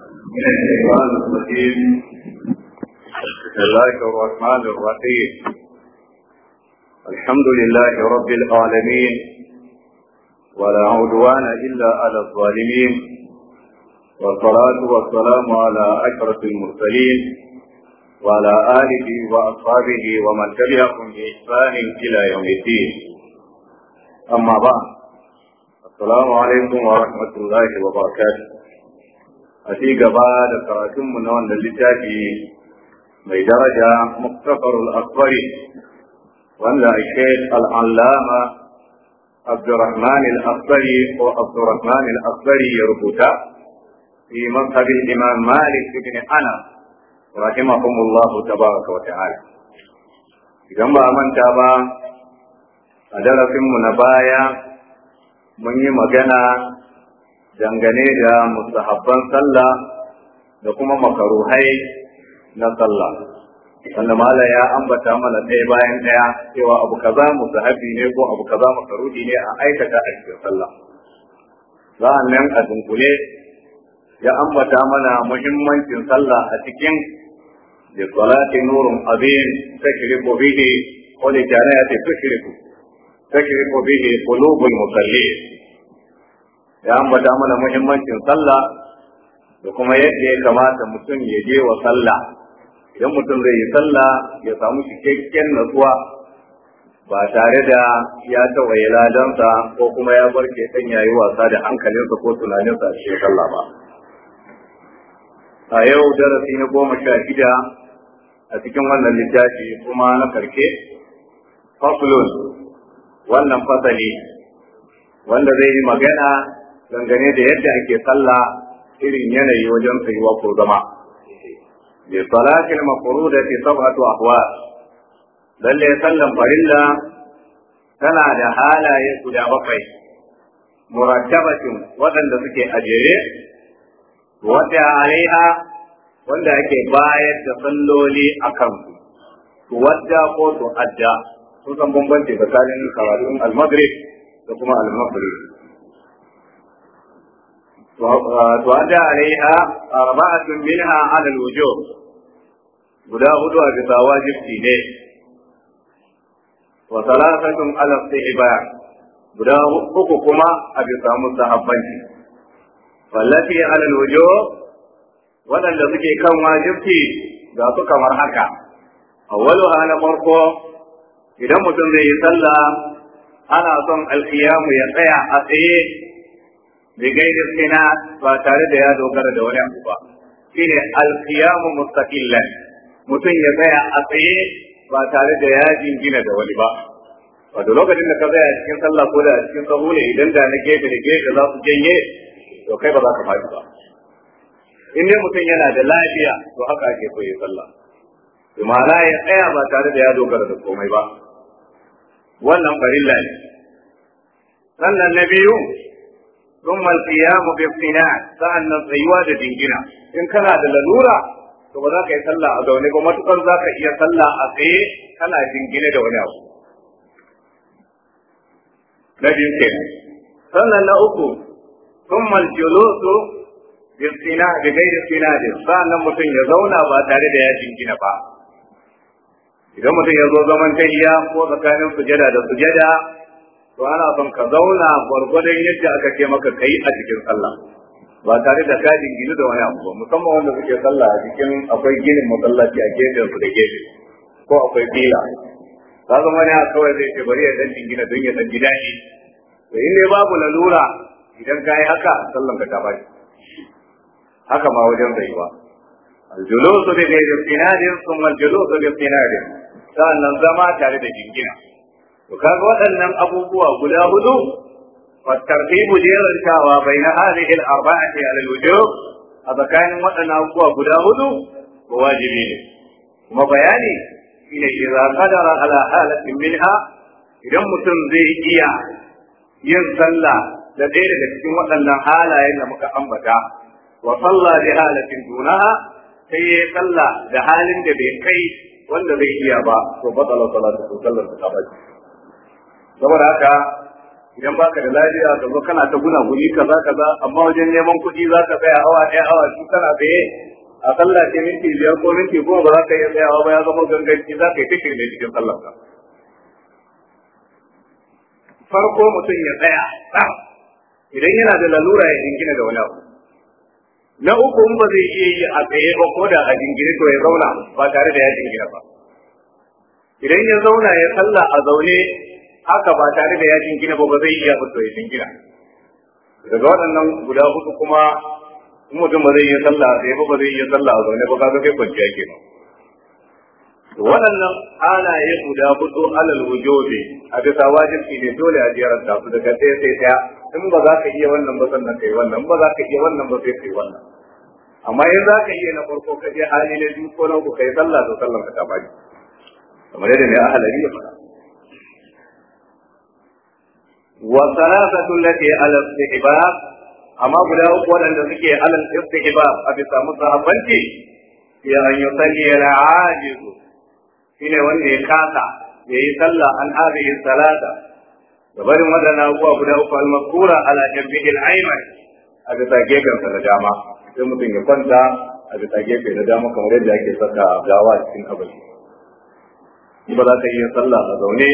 بسم الله الرحمن الرحيم الحمد لله رب العالمين ولا عدوان إلا على الظالمين والصلاة والسلام على أشرف المرسلين وعلى آله وأصحابه ومن تبعهم بإحسان إلى يوم الدين أما بعد السلام عليكم ورحمة الله وبركاته a ci gaba da karatunmu na wannan littafi mai daraja muktafarul akbari wanda ake al'allama abdurrahman al ko abdurrahman al ya rubuta fi mazhabin imam malik ibn anas rahimahumullahu tabaraka wa ta'ala idan ba manta ba a darasinmu na baya mun yi magana dangane da musahabban sallah da kuma makaruhai na sallah wanda mala ya ambata mana ɗaya bayan ɗaya cewa abu kaza mustahabi ne ko abu kaza makaruhi ne a aikata a cikin sallah za'an nan a dunkule ya ambata mana muhimmancin sallah a cikin da salati nurun azim takribu bihi wa li janayati tushriku takribu bihi qulubul musallin ya ambata mana muhimmancin sallah da kuma yadda ya kamata mutum ya je wa sallah idan mutum zai yi sallah ya samu cikakken natsuwa ba tare da ya tawaye ladansa ko kuma ya barke ya yi wasa da hankalinsa ko tunaninsa a cikin sallah ba a yau darasi na goma sha shida a cikin wannan littafi kuma na karke faslun wannan fasali wanda zai yi magana dangane da yadda ake sallah irin yanayi wajen tsayuwa ko zama bi salatil mafrudati sab'atu ahwal lalle sallan farilla tana da halaye guda bakwai murattabatin waɗanda suke ajere Wata alaiha wanda ake bayar da salloli a kansu wadda ko adda, sun san bambanci tsakanin karatun al-maghrib da kuma al tuwada alaiha arba'atun minha ala alwujub guda hudu a bisa wajibci ne wa talatatun ala sahiba guda uku kuma a bisa mustahabbanci wallafi ala alwujub waɗanda suke kan wajibci ga su kamar haka awwaluha na farko idan mutum zai yi sallah ana son alkiyamu ya tsaya a tsaye bigai gaskina ba tare da ya dogara da wani abu ba Shi shine alqiyamu mustaqillan mutum ya tsaya a tsaye ba tare da ya jingina da wani ba wato lokacin da ka tsaya a cikin sallah ko da a cikin sahu ne idan da na gefe da gefe za su janye to kai ba za ka faɗi ba in dai mutum yana da lafiya to haka ake so ya sallah to ma'ana ya tsaya ba tare da ya dogara da komai ba wannan farilla ne sannan na biyu ثم القيام باقتناع سأن الزيوة جنجنا إن كان هذا للورة ثم ذاك يسلى أدوني وما تقول ذاك يسلى أخي كان جنجنا دوني نبي كنا سنة لأكو ثم الجلوس باقتناع بغير اقتناع سأن متن يزونا وأتاري ديا جنجنا با إذا متن يزو زمن تهيا وذكاني سجدة دا سجدا to ana son ka zauna gwargwadon yadda aka ce maka kai a cikin sallah ba tare da ka jingini da wani abu ba musamman wanda kuke sallah a cikin akwai ginin masallaci a gefen su da gefe ko akwai fila ta zama wani a kawai zai ce bari ya dan jingina don ya dan ji daɗi to in dai babu lalura idan ka yi haka sallan ka ta bashi haka ma wajen rayuwa aljulusu bi ghairi sinadin thumma aljulusu bi sinadin nan zama tare da jingina to kaga waɗannan abubuwa guda hudu فالترغيب دير الكاوى بين هذه الأربعة على الوجوب هذا كان مدنا أبوه قدا هدو وواجبين وما بياني إن إذا قدر على حالة منها إذا متن زي إيا ينصلى لدير كتن مدنا حالة إلا مكأمبتا وصلى لحالة دونها sai ya salla da halin da bai kai wanda bai iya ba to batsala salatu sallar ta bace saboda haka idan baka da lafiya ka zo kana ta guna guri kaza kaza amma wajen neman kuɗi za ka tsaya awa ɗaya awa shi kana tsaye a sallah ce minti biyar ko minti goma ba za ka iya tsayawa ba ya zama ganganci za ka yi fikir ne cikin sallar ka farko mutum ya tsaya idan yana da lalura ya jingina da wani abu na uku in ba zai iya yi a tsaye ba ko da a jingine to ya zauna ba tare da ya jingina ba idan ya zauna ya sallah a zaune haka ba tare da ya jingina ba ba zai iya ba ya jingina daga waɗannan guda hudu kuma in mutum ba zai iya sallah sai ba ba zai iya sallah a zaune ba ka kai kwanciya kenan waɗannan halaye guda hudu alal wujubi a bisa wajibi ne dole a da su daga ɗaya sai ɗaya in ba za ka iya wannan ba sannan kai wannan ba za ka iya wannan ba sai kai wannan amma in za ka iya na farko ka je hali na biyu ko na uku kai sallah to sallan ka ta bari kamar yadda ne ahalari ya fara wa salasatu lati ala istihbab amma guda uku waɗanda suke ala istihbab a bisa musahabanci ya an yusalli al ajiz shine wanda ya kasa ya yi sallah an hadhihi salata da barin waɗannan abubuwa guda uku al mazkura ala jambihi al ayman a bisa gefen sa da dama sai mutum ya kwanta a bisa gefe da dama kamar yadda ake saka gawa cikin kabari ba za ka iya sallah a zaune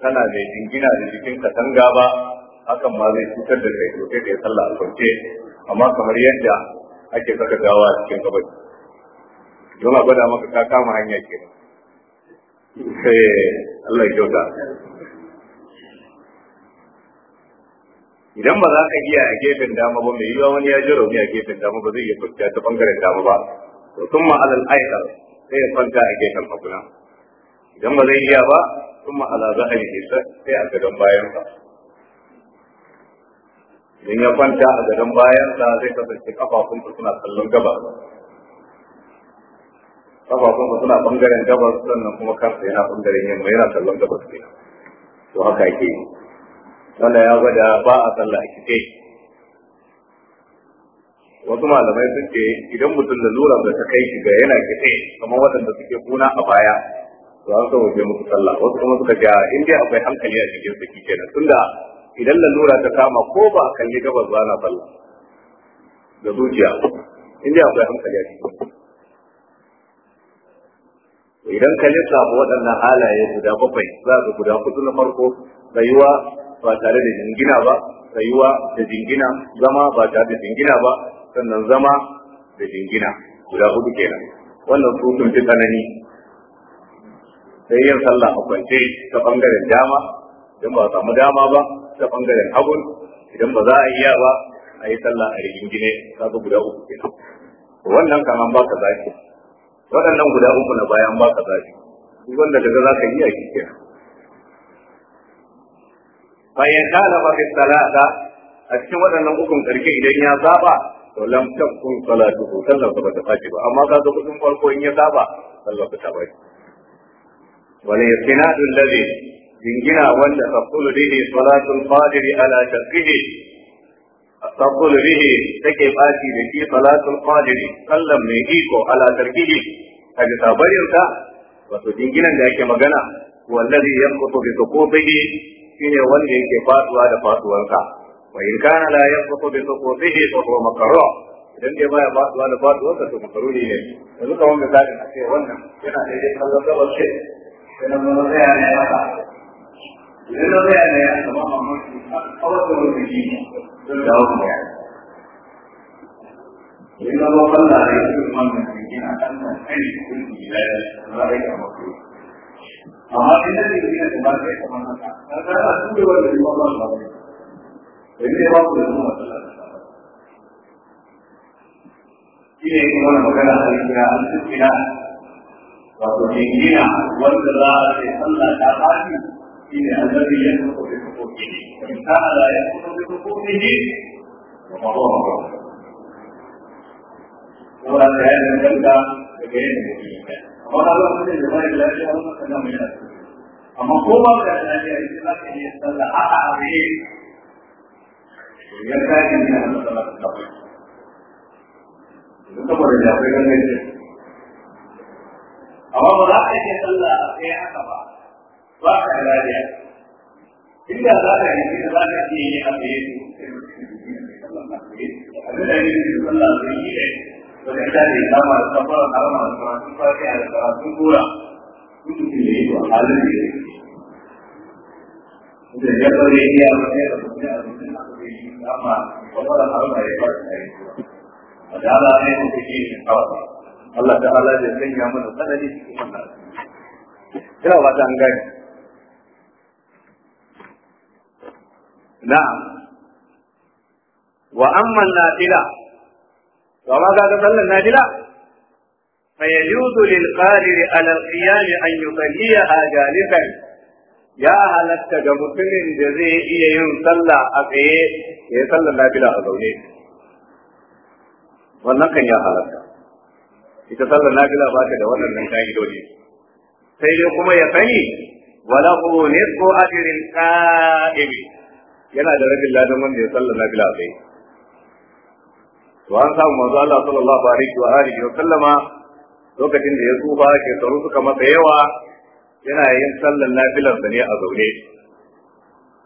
kana mai jingina da jikin katanga ba hakan ma zai cutar da kai to sai kai sallah a sauke, amma kamar yadda ake saka gawa a cikin kabari don a gwada maka ka kama hanya ke sai Allah ya kyauta idan ba za ka iya a gefen dama ba mai yiwuwa wani ya ji rauni a gefen dama ba zai iya kwanciya ta bangaren dama ba to sun alal aikar sai ya kwanta a gefen maguna idan ba zai iya ba sun kuma ala zahari nisa sai a gadon bayansa idan ya kwanta a gadon bayansa zai kasance kafafunsa suna kallon gaba kafafunsa suna bangaren gabas sannan kuma kansa yana bangaren yamma yana kallon gabas ne to haka yake yi wanda ya gwada ba a sallah a kife wasu malamai suke ce idan mutum da lura da ta kai shi yana kife kamar waɗanda suke kuna a baya to an san waje musu sallah wasu kuma suka ga in dai akwai hankali a cikin su kenan tunda idan lalura ta kama ko ba a kalli gabas ba na sallah da zuciya in dai akwai hankali a cikin idan ka lissafa waɗannan halaye guda bakwai za ka guda hudu na farko rayuwa ba tare da jingina ba rayuwa da jingina zama ba tare da jingina ba sannan zama da jingina guda hudu kenan wannan su sun fi tsanani sai yin sallah a kwance ta bangaren dama idan ba samu dama ba ta bangaren hagun idan ba za a iya ba a yi sallah a rigingine ga guda uku kenan wannan kan an ka zafi. waɗannan guda uku na bayan ba ka duk wanda daga za ka yi a shi kenan bayan da ba fi salata a cikin waɗannan ukun karke idan ya zaba to lam takun salatu sallar ba ta faci ba amma kaga kudin farko in ya zaba sallar ba ta faci wal istinadu alladhi jingina wanda taqulu bihi salatul qadir ala tarkihi taqulu bihi take baci da shi salatul qadir sallan mai iko ala tarkihi kaga sabarin ka wato jinginan da yake magana wallazi yanqutu bi suqutihi shine wanda yake faduwa da faduwanka wa in kana la yanqutu bi suqutihi fa huwa makruh idan dai baya faduwa da faduwanka to makruhi ne yanzu kamar misalin a ce wannan yana daidai kallon sai na zama tsaya ne yi kuma magana a yi kira an tuɓe wato jingina wanda za a ce Allah ta fadi shi ne annabi ya fito da kokoki in ta ala ya fito da kokoki ne to ba ba ba wala da ya da kanka da ga yin da ke amma Allah ne da mai lafiya Allah kana mai lafiya amma ko ba da lafiya shi za ka yi sallah a a ne ya ta yi ne Allah ta fadi saboda da akwai ganin amma ba za ka yi sallah a kai haka ba ba ka da lafiya inda za ka yi da za ka yi a kai yi? abin da yake da sallah da yi ne ba da ita ne kama da safara harama da karatu fati a da karatu kura kudu ke yi Ba halin da ya yi da ya ya yi a Ba da kuma ya zuci na kuma yi amma safara harama ya Ba da yi kura. Adala yi kawai. Allah ta'ala ya sanya mana tsanani cikin wannan ina ba ta an gani. na'am wa na nafila wa ma ga sallan nafila فيجوز للقادر على القيام أن يصليها جالسا ya halatta ga mutumin da zai iya yin sallah a tsaye ya a zaune wannan kan ya halatta ita sallar nafila ba ta da waɗannan ka'idoji sai dai kuma ya sani wala hu nisfu ajrin qa'imi yana da rabin ladan wanda ya sallar nafila sai to an samu manzo Allah sallallahu alaihi wa alihi wa sallama lokacin da ya tsufa tsaro suka masa yawa yana yin sallar nafilar da ne a zaune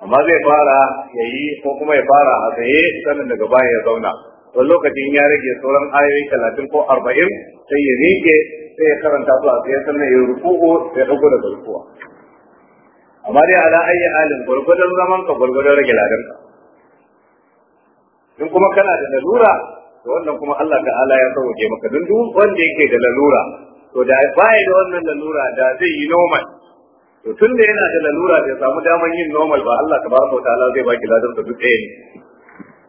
amma zai fara yayi ko kuma ya fara a tsaye sannan daga baya ya zauna wani lokacin ya rage sauran ayoyi talatin ko arba'in sai ya rike sai ya karanta su a tsaye sannan ya ruku'u ya ɗauko daga rukuwa amma dai ala ayyi halin gwargwadon zaman ka gwargwadon rage ladan ka in kuma kana da lalura to wannan kuma Allah ta'ala ya sauke maka don duk wanda yake da lalura to da baya da wannan lalura da zai yi normal to tun da yana da lalura bai samu daman yin normal ba Allah tabaraka wa ta'ala zai baki ladan ka duk ɗaya ne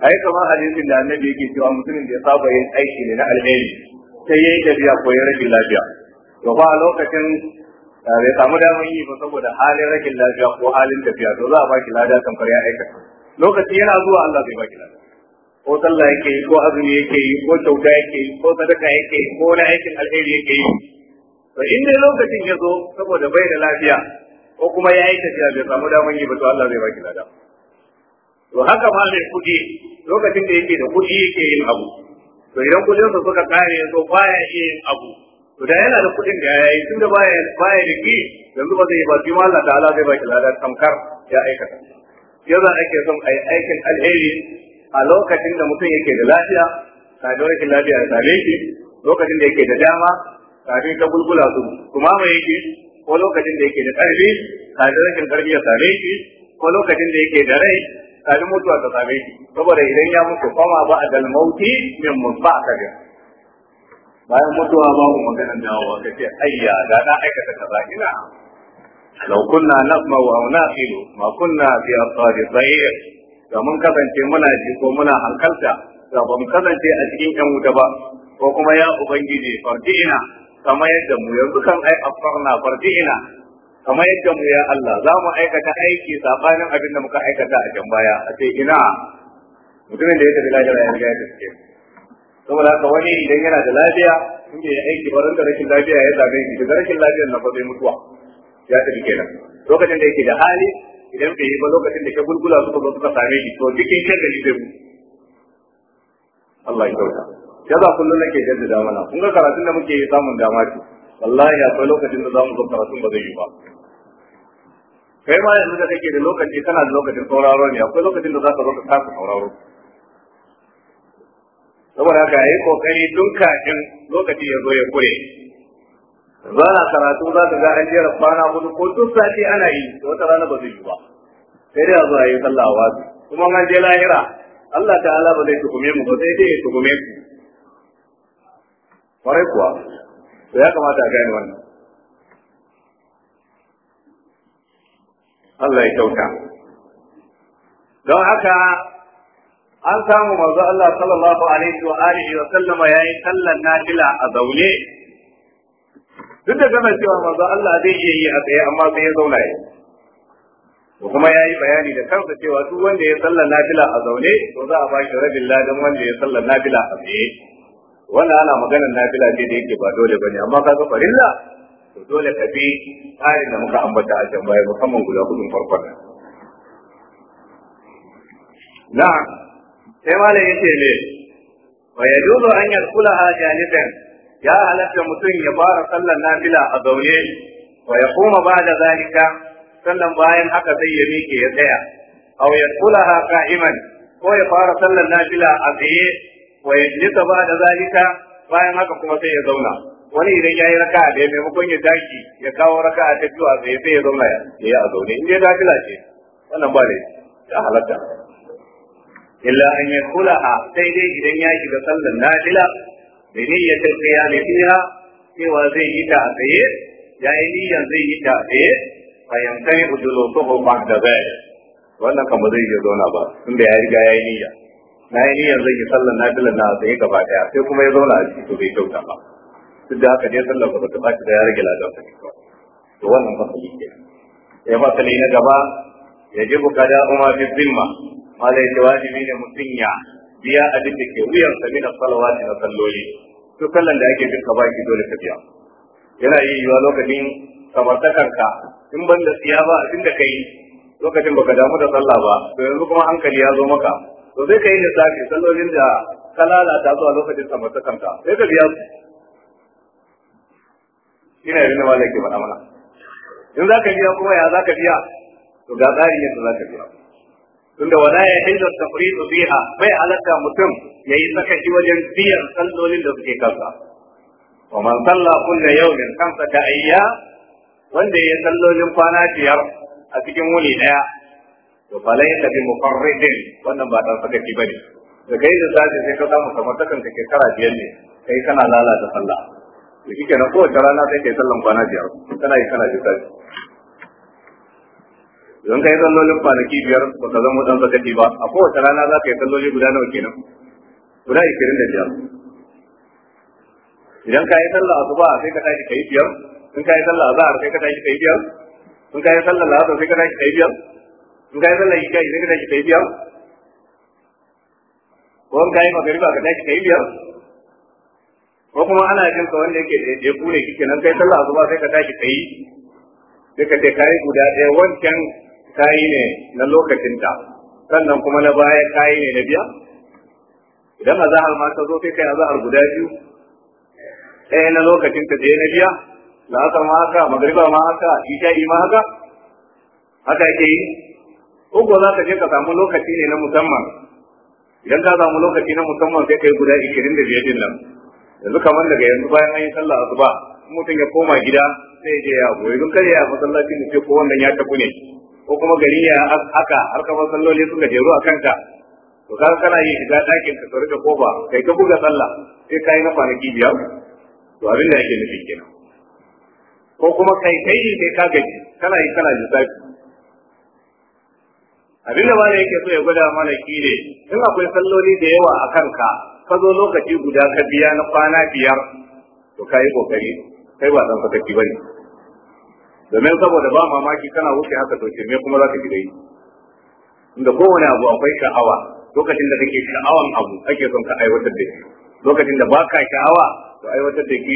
ai kamar hadisin da annabi yake cewa mutumin da ya saba yin aiki ne na alheri sai yayi tafiya ko ya rashin lafiya to ba lokacin eh, bai samu damar yi ba saboda halin rashin lafiya ko halin tafiya to za a baki lada tamkar ya aikata lokaci yana zuwa Allah zai baki lada ko sallah yake yi ko azumi yake yi ko kyauta yake yi ko sadaka yake yi ko wani aikin alheri yake yi to in dai lokacin ya zo saboda bai da lafiya ko kuma ya yi tafiya bai samu damar yi ba to Allah zai baki lada to haka ma mai kuɗi lokacin da yake da kuɗi yake yin abu to idan kuɗin sa suka kare yanzu baya iya yin abu to da yana da kuɗin da yayi tun da baya baya da ki yanzu ba zai ba shi da Allah zai ba shi ladan tamkar ya aikata a ake son ai aikin alheri a lokacin da mutum yake da lafiya kafin rashin lafiya ya same shi lokacin da yake da dama kafin ta bulbula su kuma mai yake ko lokacin da yake da ƙarfi kafin rashin ƙarfi ya same shi ko lokacin da yake da rai kafin mutuwa ta same shi saboda idan ya mutu fama ba a dalmauti min musba a kabir bayan mutuwa babu magana dawowa ka ce ayya da na aikata kaza ina law kunna نسمع wa naqilu ma kunna fi اصحاب الصعير da mun kasance muna ji ko muna halkalta da ba mu kasance a cikin yan wuta ba ko kuma ya ubangiji ina kamar yadda mu yanzu kan ai farji ina kamar yadda mu ya Allah za mu aikata aiki sabanin abin da muka aikata a can baya a ce ina mutumin da ya tafi lafiya ya riga ya tafi saboda haka wani idan yana da lafiya in ya aiki ba da rashin lafiya ya zabe shi daga rashin lafiyar na fa mutuwa ya tafi kenan lokacin da yake da hali idan bai yi ba lokacin da ke gulgula suka zo suka same shi to cikin shan da zai mu Allah ya kyauta ya za kullum nake jaddada mana kun ga karatun da muke yi samun dama ce wallahi akwai lokacin da za mu zo karatun ba zai yi ba kai ma yanzu da kake da lokaci kana da lokacin sauraro ne akwai lokacin da za ka zo ka kasa sauraro saboda haka yi kokari tun kafin lokaci ya zo ya kure za na karatu za ka ga an jera kwana hudu ko duk sati ana yi da wata rana ba zai yi ba sai dai a zo a yi sallah wa kuma an je lahira Allah ta'ala ba zai tukume mu ba sai dai ya tukume ku kwarai kuwa to ya kamata a gane wannan Allah ya kyauta don haka an samu manzo Allah sallallahu alaihi wa alihi wa sallama yayi sallar nafila a zaune duk da gama cewa manzo Allah zai iya yi a tsaye amma sai ya zauna ya to kuma ya yi bayani da kansa cewa duk wanda ya sallar nafila a zaune to za a bashi rabin ladan wanda ya sallar nafila a tsaye wannan ana maganar nafila ce da yake ba dole ba ne, amma kaga farilla to dole ka bi tsarin da muka ambata a can baya musamman guda hudun farkon na sai malami ce ne wa hanyar an a ya halatta mutum ya fara sallar nafila a zaune wa ya koma ba da zalika sannan bayan haka zai ya miƙe ya tsaya aw a ka'iman, ko ya fara sallar nafila a tsaye wa yajlisa ba da zalika bayan haka kuma sai ya zauna wani idan ya yi raka'a da ya maimakon ya tashi ya kawo raka'a ta biyu a tsaye sai ya zauna ya yi a zaune in dai nafila ce wannan ba ne ya halatta illa an ya a sai dai idan ya shiga sallan nafila da ya qiyami fiha cewa zai yi ta a tsaye ya yi niyyar zai yi ta a tsaye fa yamtani udulusuhu da zai wannan kan zai iya zauna ba tunda ya riga ya yi niyya na yi niyyar zai yi sallan nafilan na tsaye gaba daya sai kuma ya zauna a cikin to bai kyauta ba duk da haka dai sallar ba ta baki da ya rage ladan sa ba to wannan fasali ke ya fasali na gaba ya ji bukada umar fi zimma mala ya wajibi ne mutum ya biya a duk da ke wuyan sa min salawati na salloli to sallan da ake duka baki dole ka biya yana yi yiwa lokacin samartakarka. in ban da tsiya ba abin da kai lokacin baka damu da sallah ba to yanzu kuma hankali ya zo maka to sai ka yi lissafi sallolin da ka lalata zuwa lokacin samartakarka? sai ka biya su ina da nawa da ke faɗa mana in za ka biya kuma ya za ka biya to ga tsarin yadda za ka biya tunda wala ya hilda tafridu biha bai alaka mutum yayi sakaci wajen biyan sallolin da suke kansa wa man salla kullu yawmin khamsata ayya wanda yayi sallolin kwana biyar a cikin wuni daya to balai ta bi mufarridin wannan ba dan sakaci bane da kai da zaje sai ka samu kamar takan ka shekara biyar ne kai kana lalata sallah da kike nan kowace rana sai kai sallan kwana biyar kana yi kana jita don kai sallolin kwanaki biyar ba ka zama dan zakati ba a kowace rana za ka yi salloli guda nawa kenan guda ishirin da biyar idan ka yi sallah asuba sai ka tashi kai biyar in ka yi sallah azhar sai ka tashi kai biyar in ka yi sallah lahar sai ka tashi kai biyar in ka yi sallah isha sai ka tashi kai biyar ko in ka yi magariba ka tashi kai biyar ko kuma ana jin ka wanda yake da ku kike nan kai sallah azuba sai ka tashi kai sai ka ce kai guda ɗaya wancan kai ne na lokacin ta sannan kuma na baya kai ne na biya idan azahar ma ta zo kai kai azahar guda biyu ɗaya na lokacin ta ɗaya na biya da haka ma haka magariba ma haka isha'i ma haka haka yake yi uku za ka je ka samu lokaci ne na musamman idan ka samu lokaci na musamman sai kai guda ishirin da biyar din nan yanzu kamar daga yanzu bayan an yi sallah asuba mutum ya koma gida sai je ya goyi duk kare a masallaci ne sai ko wannan ya tafi ne ko kuma gari ya haka har masalloli salloli ga jeru a kanka to kaga kana yin shiga ɗakin ka tsari da kofa kai ka buga sallah sai ka yi na kwanaki biyar to abin da yake nufi kenan ko kuma kai kai ne kai ka gaji kana yi kana lissafi abin da mana yake so ya gwada mana shi ne in akwai salloli da yawa a kanka ka zo lokaci guda ka biya na kwana biyar to ka yi kokari kai ba dan fataki ne domin saboda ba mamaki kana wuce haka to me kuma za ka ji dai inda kowane abu akwai sha'awa lokacin da kake sha'awan abu ake son ka aiwatar da shi lokacin da baka sha'awa to aiwatar da ke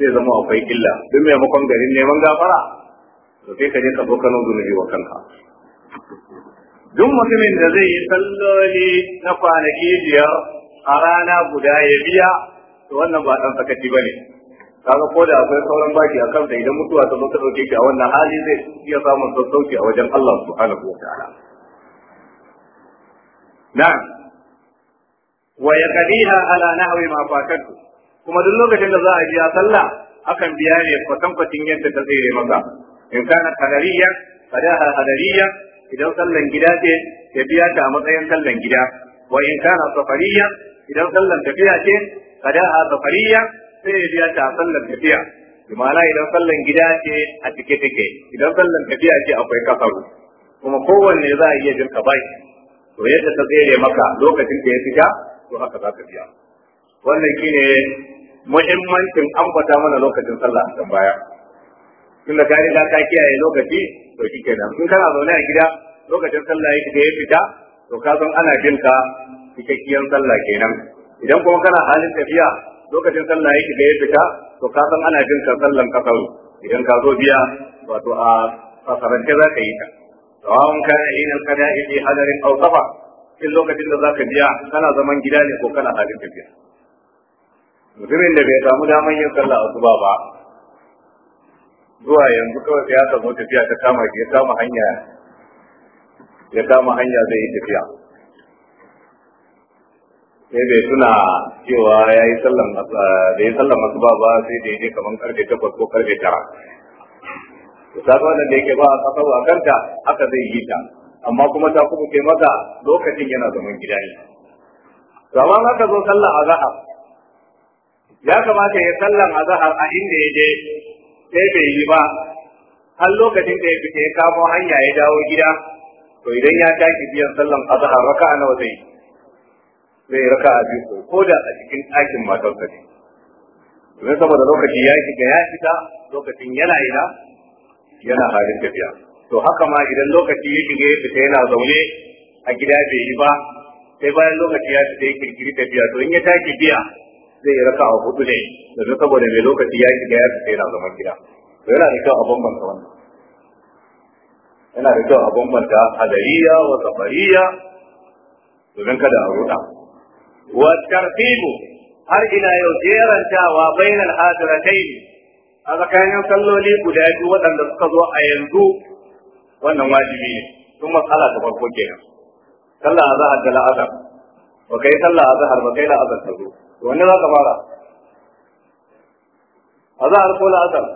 zai zama akwai illa don maimakon garin neman gafara to sai ka je ka zo nuna zunubi wa kanka duk mutumin da zai yi salloli na kwanaki biyar a rana guda ya biya to wannan ba dan sakaci bane kaga ko da akwai sauran baki akan da idan mutuwa ta zo ta dauke shi a wannan hali zai iya samun sassauci a wajen Allah subhanahu wataala na wa yaqdiha ala nahwi ma fakatu kuma duk lokacin da za a biya sallah akan biya ne kwatankwacin yadda ta tsere maka in kana kadariya kadaha hadariya idan sallan gida ce ya biya ta a matsayin sallan gida wa in kana safariya idan sallar tafiya ce kada a safariya sai ya biya ta sallar tafiya Imana idan sallan gida ce a cike tike idan sallan tafiya ce akwai kafaru kuma kowanne za a iya jin ka bai to yadda ta tsere maka lokacin da ya fita to haka za ka biya wannan shine muhimmancin ambata mana lokacin sallah a kan baya tunda ka riga ka kiyaye lokaci to shikenan in kana zaune a gida lokacin sallah ya fita ya fita to ka san ana jin ka cikakkiyar sallah kenan idan kuma kana halin tafiya lokacin sallah yake da ya fita to ka san ana jin sallan kasar idan ka zo biya wato a kasaran za ka yi ta tsawon ka yi kada ya ce hadarin safa in lokacin da za ka biya kana zaman gida ne ko kana halin tafiya mutumin da bai samu damar yin sallah zuba ba zuwa yanzu kawai sai ya samu tafiya ta kama ya kama hanya ya kama hanya zai yi tafiya sai bai tuna cewa ya yi sallan da ya sallan masu ba ba sai da yake kamar karfe takwas ko karfe tara to ta ga da yake ba a kasa a kanta haka zai yi ta amma kuma ta kuma kai maza lokacin yana zaman gida ne to amma haka zo sallan zahar ya kamata ya sallan zahar a inda ya je sai bai yi ba har lokacin da ya fita ya kamo hanya ya dawo gida to idan ya tashi biyan sallan zahar raka'a nawa zai yi zai raka a biyu ko da a cikin ɗakin matarsa ne domin saboda lokaci ya shiga ya fita lokacin yana ina yana halin tafiya to haka ma idan lokaci ya shiga ya fita yana zaune a gida bai yi ba sai bayan lokaci ya fita ya kirkiri tafiya to in ya tashi biya zai yi raka a hudu ne domin saboda mai lokaci ya shiga ya fita yana zaman gida to yana da kyau a bambanta wannan yana da kyau a bambanta hadariya wa safariya domin kada a ruɗa wa tartibu har ila yau jerantawa bainal hadiratayn a tsakanin salloli guda biyu waɗanda suka zo a yanzu wannan wajibi ne tun matsala ta farko kenan a zahar da la'azar ba salla a zahar ba kai la'azar ta zo to wanne za ka fara A zahar ko la'azar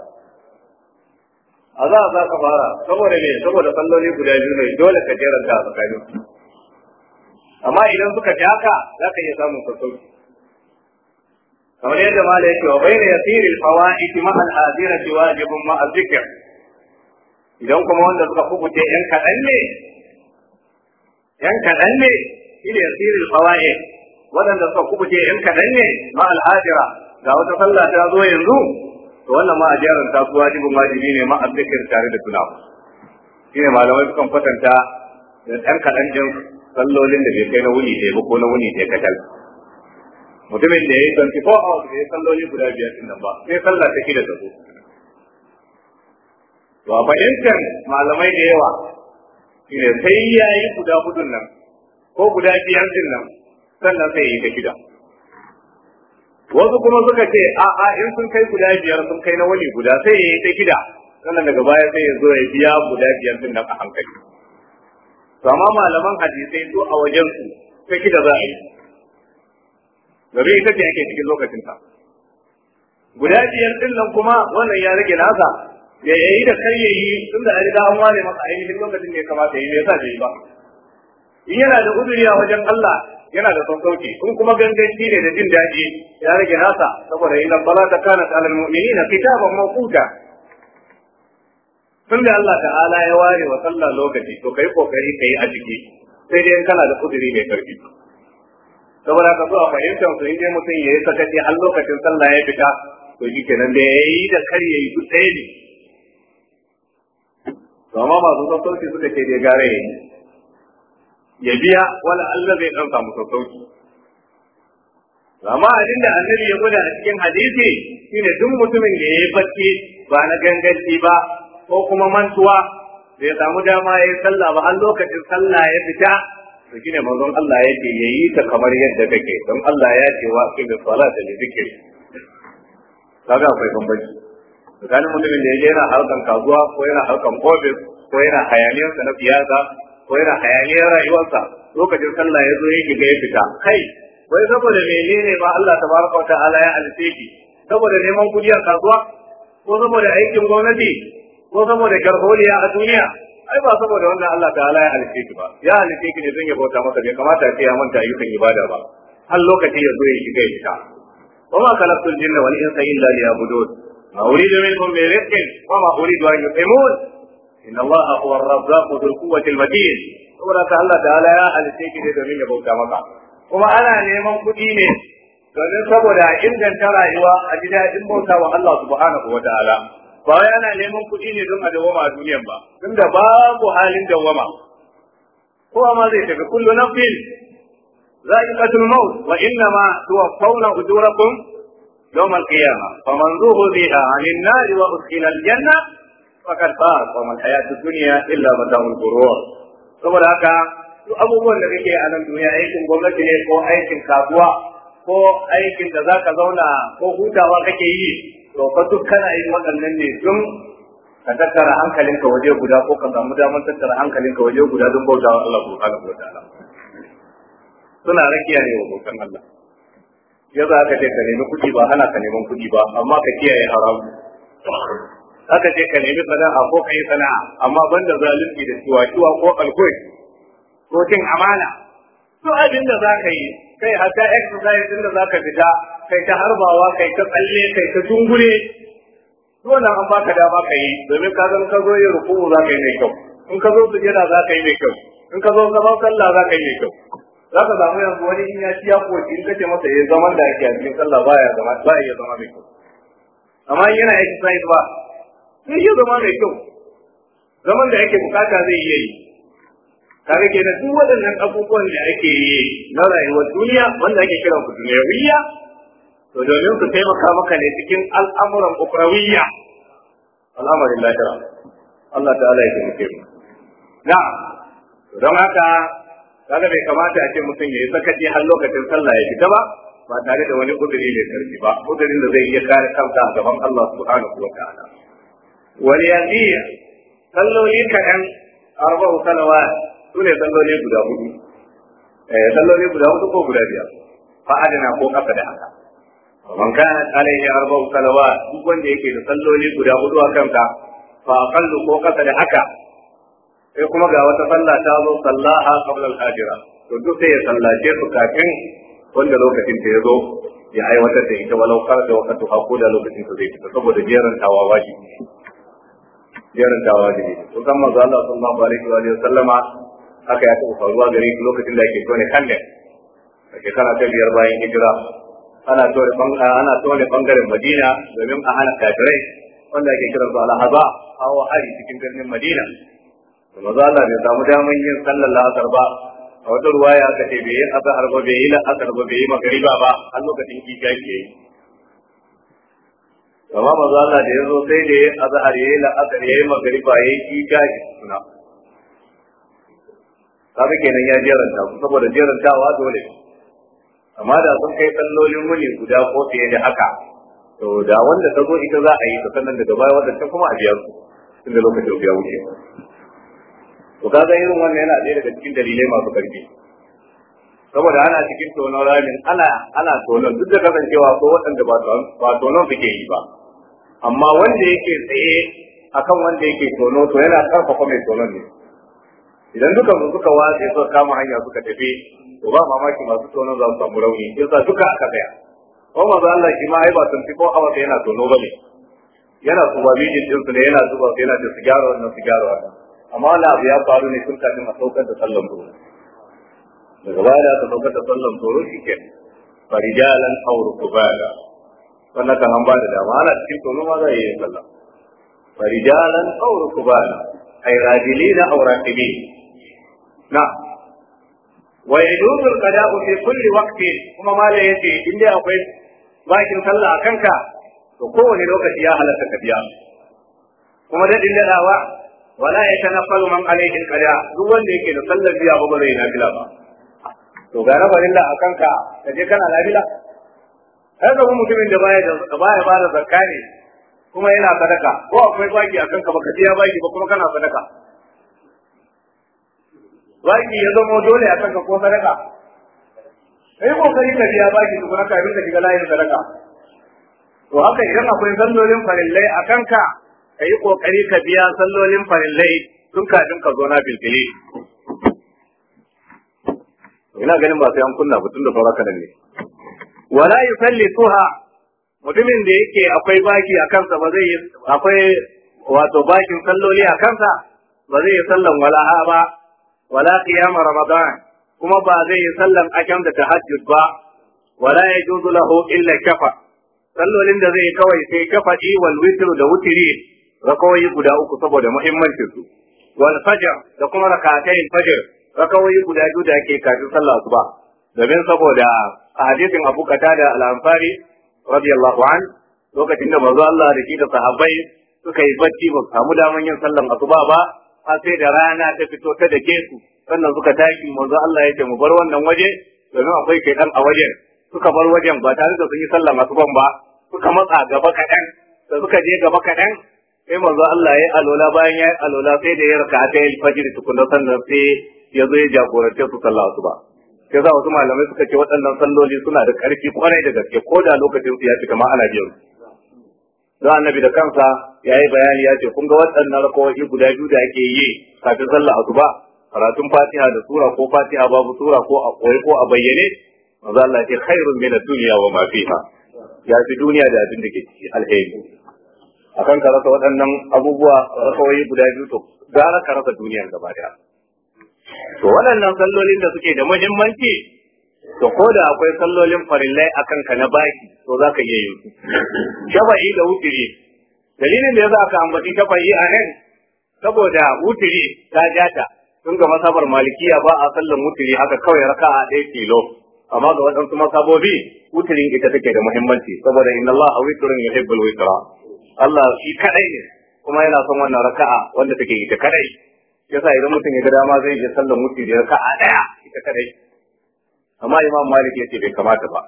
zahar za ka fara saboda me saboda salloli guda biyu ne dole ka jeranta a tsakanin amma idan suka ji haka za ka iya samun sassauci kamar yadda mala yake wa bayna yasiril fawaid ma al hadirati wajibun ma zikr idan kuma wanda suka kubuce yan kadan ne yan kadan ne shine yasiril fawaid waɗanda suka kubuce yan kadan ne ma al hadira ga wata sallah ta zo yanzu to wannan ma ajaran ta su wajibin wajibi ne ma zikr tare da tunawa shine malamai sukan kwatanta da ɗan kaɗan jinsu sallolin da bai kai na wuni ɗaya ba ko na wuni ɗaya kacal mutumin da ya yi 24 hours da ya salloli guda biyar din nan ba sai sallah ta shida da zo to a fahimtar malamai da yawa ne sai ya yi guda hudun nan ko guda biyar din nan sannan sai ya yi ta shida wasu kuma suka ce a'a in sun kai guda biyar sun kai na wani guda sai ya yi ta shida sannan daga baya sai ya zo ya biya guda biyar din nan a hankali to amma malaman hadisai to a wajen su ta da za a yi ita ce ake cikin lokacin ta guda biyar din nan kuma wannan ya rage nasa ya yayi da kar yayi tun da riga an ware masa ainihin lokacin ne ya kamata yi ya yasa bai yi ba in yana da uzuri a wajen Allah yana da sassauci kun kuma ganganci ne da jin daɗi ya rage nasa saboda inna salata kanat alal mu'minina kitaban mawquta tun da Allah ta'ala ya ware wa sallah lokaci to kai kokari kai a jiki sai dai kana da kudiri mai karfi saboda ka zuwa fahimtar su inda mutum ya yi sakaci har lokacin sallah ya fita to shi kenan da ya yi da kar ya yi duk ɗaya ne to amma masu sassauci suka ce dai gare ya yi ya biya wala Allah zai ɗan samu sassauci amma abin da annabi ya gwada a cikin hadisi shine duk mutumin da ya yi bacci ba na ganganci ba ko kuma mantuwa ya samu dama ya yi sallah ba har lokacin sallah ya fita to gine manzon Allah ya ya yi ta kamar yadda kake don Allah ya ce wa da salata da dhikri kaga akwai bambanci tsakanin mutumin da yaje yana harkan kasuwa ko yana harkan ofis ko yana hayaniyarsa na siyasa ko yana hayaniyar rayuwarsa lokacin sallah ya zo ya shiga ya fita kai wai saboda menene ma Allah tabaraka wa ta'ala ya alfeki saboda neman kudiyar kazuwa? kasuwa ko saboda aikin gwamnati ko saboda garholiya a duniya ai ba saboda wannan Allah ta'ala ya halice ki ba ya halice ki ne don ya bauta maka bai kamata ya ya manta ayyukan ibada ba har lokaci ya zo ya shiga ya fita وما خلقت الجن والإنس إلا ليعبدون ما أريد منهم من رزق وما أريد أن يطعمون إن الله هو الرزاق ذو القوة المتين saboda ta Allah ta'ala ya halice ki ne domin ya bauta maka kuma ana neman kuɗi ne domin saboda inganta rayuwa a ji daɗin bauta wa Allah subhanahu wa ta'ala ba wai ana neman kuɗi ne don a dawama a duniyan ba tunda babu halin dawama kowa ma zai tafi kullu nafsin yawm الموت وإنما توفون أجوركم biha القيامة فمن wa عن النار وأدخل الجنة فقد wa man hayatud dunya illa mata'ul ghurur saboda haka duk abubuwan da kake a nan duniya aikin gwamnati ne ko aikin kasuwa ko aikin da zaka zauna ko hutawa kake yi to fa duk kana yin waɗannan ne tun ka tattara hankalinka waje guda ko ka samu damar tattara hankalinka waje guda don bautawa Allah subhanahu wa ta'ala suna rakiya ne wa bautan Allah ya za ka je ka nemi kuɗi ba hana ka neman kuɗi ba amma ka kiyaye haram aka je ka nemi sana'a ko ka yi sana'a amma banda zalunci da ciwa ko alkoi ko cin amana duk abin da za ka yi kai hata exercise din da za ka fita kai ta harbawa kai ta tsalle kai ta dungure dole an baka da ka yi domin ka zan ka zo yin ruku'u za ka yi mai kyau in ka zo sujada za ka yi mai kyau in ka zo zaman sallah za ka yi mai kyau za ka samu yanzu wani in ya ci ya koci in ce masa ya eh, zaman da yake a cikin sallah baya zama ba ya zama mai kyau amma in yana exercise ba sai ya zama mai kyau zaman da yake bukata zai iya yi ke kenan duk waɗannan abubuwan da ake yi na rayuwar duniya wanda ake kira ku duniyawiyya to domin ku taimaka maka ne cikin al'amuran ukrawiyya al'amarin lahira Allah ta'ala ya taimake mu na don haka kaga bai kamata a ce mutum ya yi sakaci har lokacin sallah ya fita ba ba tare da wani kudiri mai karfi ba kudirin da zai iya kare kansa a gaban Allah subhanahu wa ta'ala wal yaqiya salloli kadan arba'u salawat su ne salloli guda hudu eh salloli guda hudu ko guda biyar fa adana ko kafa da haka man kana alaihi arba'u salawat duk wanda yake da salloli guda hudu a kanka fa aqallu ko kafa da haka sai kuma ga wata sallah ta zo sallaha qabla al-hajira to duk sai ya sallace su kafin wanda lokacin ta ya zo ya aiwatar da ita walau kar da wakatu ha ko da lokacin ta zai fita saboda jerin tawa wajibi jerin tawa wajibi to kan manzo Allah sallallahu alaihi wa sallama haka ya taɓa faruwa gare shi lokacin da ake tone kande a shekara ta biyar bayan hijira ana tone ɓangaren tone Madina domin a hana kafirai wanda ake kiransu al-ahaba hawa hari cikin birnin Madina maza Allah bai samu daman yin sallar la'asar ba a wata ruwaya aka ce bai yi asar ba bai yi la'asar ba bai yi magariba ba a lokacin kika ke yi kama maza Allah da ya zo sai da ya azhar ya yi la'asar ya yi magariba ya yi kika ke suna kaga kenan ya jeranta ku saboda jerantawa dole amma da sun kai sallolin muni guda ko fiye da haka to da wanda ta zo ita za a yi ta sannan daga baya wadda kuma a biya su tun da lokacin biya wuce to kaga irin wannan yana ɗaya daga cikin dalilai masu ƙarfi saboda ana cikin tonon ramin ana ana tonon duk da kasancewa ko waɗanda ba tonon suke yi ba amma wanda yake tsaye akan wanda yake tono to yana ƙarfafa mai tonon ne idan duka su suka watsa suka kama hanya suka tafi to ba mamaki masu tono za su samu rauni yasa duka aka tsaya ko za Allah shi ma ai ba sun ko awa yana tono bane yana tuba bijin din su ne yana zuba yana da gyara wannan sigaro amma wannan abu ya faru ne sun kafin a saukar da sallan duhu. daga baya da aka saukar da sallan doro shi ke farijalan auru kubala sannan kan an ba da dama ana cikin tono ma za a yi sallah farijalan auru kubala ay rajilina aw raqibin na wa yajuzu al-qada'u fi kulli waqtin kuma malai yace in akwai bakin sallah a kanka to kowane lokaci ya halatta ka biya kuma dadin dadawa wala ya tanaffalu man alayhi al duk wanda yake da sallar biya ba bare na bila ba to ga rabarin da akan ka ka je kana har da mutumin da baya da baya ba da zakka ne kuma yana sadaka ko akwai baki akan ka baka biya baki ba kuma kana sadaka baki ya zama dole a kanka ko sadaka kai kokari ka biya baki duk na kafin ka shiga layin sadaka to haka idan akwai sallolin farillai a kanka ka yi kokari ka biya sallolin farillai tun kafin ka zo na filfili ina ganin ba sai an kunna ba tun da saura kadan ne wala yusalli tuha mutumin da yake akwai baki a kansa ba zai akwai wato bakin salloli a kansa ba zai yi sallan ha ba wala qiyam ramadan kuma ba zai yi sallar akam da tahajjud ba wala yajuzu lahu illa kafa sallolin da zai kawai sai kafaɗi wal witru da wutiri rakawai guda uku saboda muhimmancin su wal fajr da kuma rakatayn fajr rakawai guda biyu da ake kafin sallah asuba domin saboda hadisin Abu Qatada al-Ansari radiyallahu an lokacin da manzo Allah da shi da sahabai suka yi bacci ba su samu daman yin sallar asuba ba har sai da rana ta fito ta ke su sannan suka tashi manzo Allah ya ce mu bar wannan waje domin akwai shaidan a wajen suka bar wajen ba tare da sun yi sallah masu ban ba suka matsa gaba kaɗan da suka je gaba kaɗan sai manzo Allah ya alola bayan ya alola sai da ya raka ta yi fajr tukunna sannan sai ya zo ya jagorance su sallah su ba sai za wasu malamai suka ce waɗannan salloli suna da ƙarfi kwarai da gaske ko da lokacin su ya cika ma ana biyan don annabi da kansa ya yi bayani ya ce kun ga waɗannan rakawoyi guda biyu da ake yi kafin sallah asuba karatun fatiha da sura ko fatiha babu sura ko a koyi ko a bayyane manzo Allah ce khairun min ad-dunya wa ma fiha ya fi duniya da abin da ke ciki alheri akan ka rasa waɗannan abubuwa rakawoyi guda biyu to gara ka rasa duniyar gaba daya to waɗannan sallolin da suke da muhimmanci to ko da akwai sallolin farillai akan ka na baki to za ka iya yin shaba'i da wutiri dalilin da yasa aka ambaci shafa'i a nan saboda wuturi ta jata tun ga masabar malikiya ba a sallan wutiri haka kawai raka'a ɗaya kilo amma ga waɗansu masabobi wutirin ita take da muhimmanci saboda inna Allah witrun yuhibbul witra Allah shi kadai ne kuma yana son wannan raka'a wanda take ita kadai yasa idan mutum ya ga dama zai je sallan wutiri raka'a ɗaya ita kadai amma Imam Malik ce bai kamata ba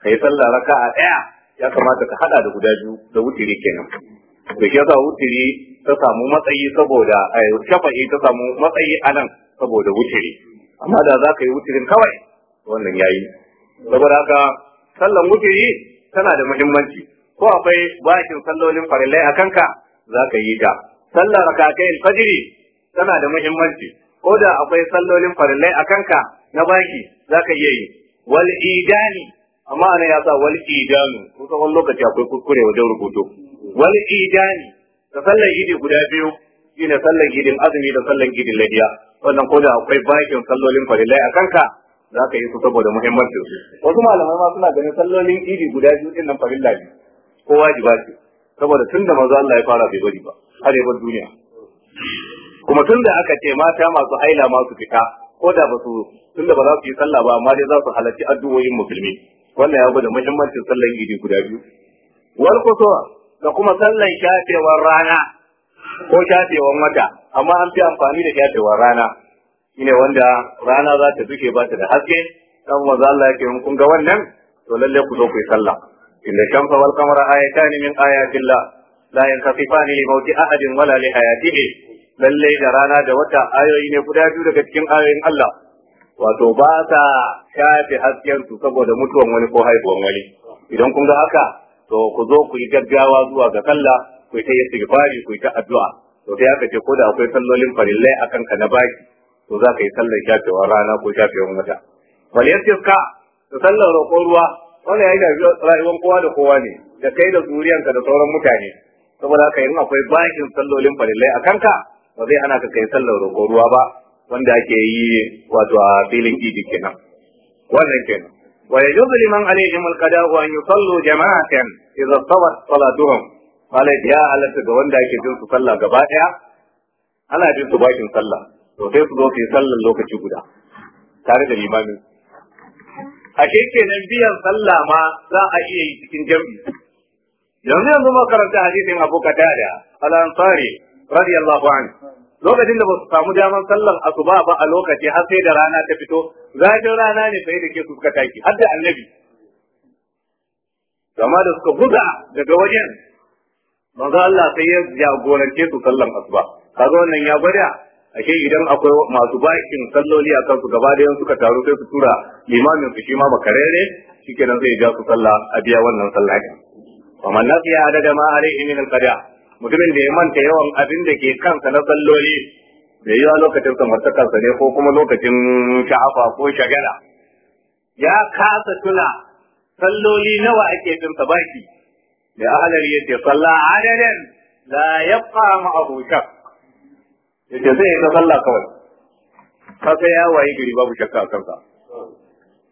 kai sallar raka'a ɗaya ya kamata ka hada da guda biyu da wuturi kenan da shi yasa wutiri ta samu matsayi saboda eh, shafa'i ta samu matsayi a nan saboda wuturi amma da za ka yi wutirin kawai wannan yayi saboda haka sallan wutiri tana da muhimmanci ko akwai bakin sallolin farillai a kanka za ka yi ta sallar rakakai alfajiri tana da muhimmanci ko da akwai sallolin farillai a kanka na baki za ka iya yi wal idani amma ana ya sa wal idanu kusa wani lokaci akwai kuskure wajen rubutu wani idani da sallar idi guda biyu shine sallar idin azumi da sallar idin ladiya wannan ko da akwai bakin sallolin farillai a kanka za ka yi su saboda muhimmancin su wasu malamai ma suna ganin sallolin idi guda biyu din nan farilla ne ko wajiba ce saboda tun da maza Allah ya fara bai bari ba har ya bar duniya kuma tun da aka ce mata masu haila masu fita ko da ba su tun da ba za su yi sallah ba amma dai za su halarci addu'o'in musulmi wannan ya gwada muhimmancin sallar idi guda biyu wal kusuwa da kuma sallan shafewar rana ko shafewar wata amma an fi amfani da shafewar rana shine wanda rana za ta duke ba ta da haske dan wanzu Allah yake in kun ga wannan to lalle ku zo ku yi sallah inna shamsa wal qamara ne min ayatillah la yankasifani li mawti ahadin wala li hayatihi lalle da rana da wata ayoyi ne guda biyu daga cikin ayoyin Allah wato ba ta shafe hasken su saboda mutuwan wani ko haihuwan wani idan kun ga haka to ku zo ku yi gaggawa zuwa ga sallah ku ta istighfari ku ta addu'a to sai aka ce ko da akwai sallolin farillai akan ka na baki to za ka yi sallar shafewar rana ko shafewar wata wal yastiska to sallar roƙon ruwa wannan ya shafi rayuwar kowa da kowa ne da kai da zuriyanka da sauran mutane saboda haka in akwai bakin sallolin farillai a kanka ba zai ana ka kai sallar roƙon ruwa ba wanda ake yi wato a filin idi kenan wannan kenan ويجوز لمن عليهم القضاء أن يصلوا جماعة إذا صوت صلاتهم قال يا على تدون دا يكي جنس صلى قبائع أنا جنس باكين صلى وفيس دوكي صلى لوك تشبدا تارد الإمام ashe kenan biyan sallah ma za a iya yi cikin jam'i yanzu yanzu makaranta hadisin abu qatada al-ansari radiyallahu anhu lokacin da ba su samu damar sallar asuba ba a lokaci har sai da rana ta fito zafin rana ne sai da ke su suka taki har da annabi gama da suka buga daga wajen manzo Allah sai ya jagorance su sallar asuba kaga wannan ya gwada ashe idan akwai masu bakin salloli a kansu gaba da yan suka taru sai su tura limamin su shi ma makarere zai ja su sallah a biya wannan sallah din wa nafiya adada ma alaihi al-qada mutumin da ya manta yawan abin da ke kansa na salloli bai yi a lokacin samartakarsa ne ko kuma lokacin sha'afa ko shagala ya kasa tuna salloli nawa ake bin sa baki da ahalar yace salla adadin la yabqa ma'ahu shak zai yi ta salla kawai kasa ya wayi gari babu shakka a kansa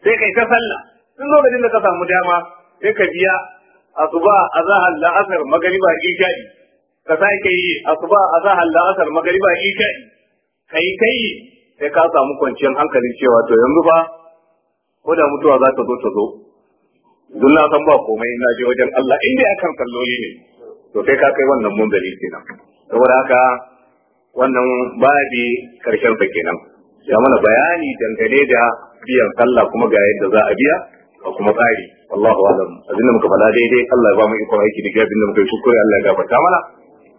sai kai ta salla tun lokacin da ka samu dama sai ka biya asuba azahar la'asar magariba isha'i ka ka yi asuba halla asar magariba yi kai kai sai ka samu kwanciyar hankali cewa to yanzu ba ko da mutuwa za ta zo ta zo duk na san ba komai ina je wajen Allah in dai akan salloli ne to sai ka kai wannan munzali kenan saboda haka wannan babi karshen sa kenan ya mana bayani dangane da biyan sallah kuma ga yadda za a biya ko kuma tsari wallahu alam azinna muka faɗa daidai Allah ya ba mu ikon aiki da gabin da muka yi shukuri Allah ya gafarta mana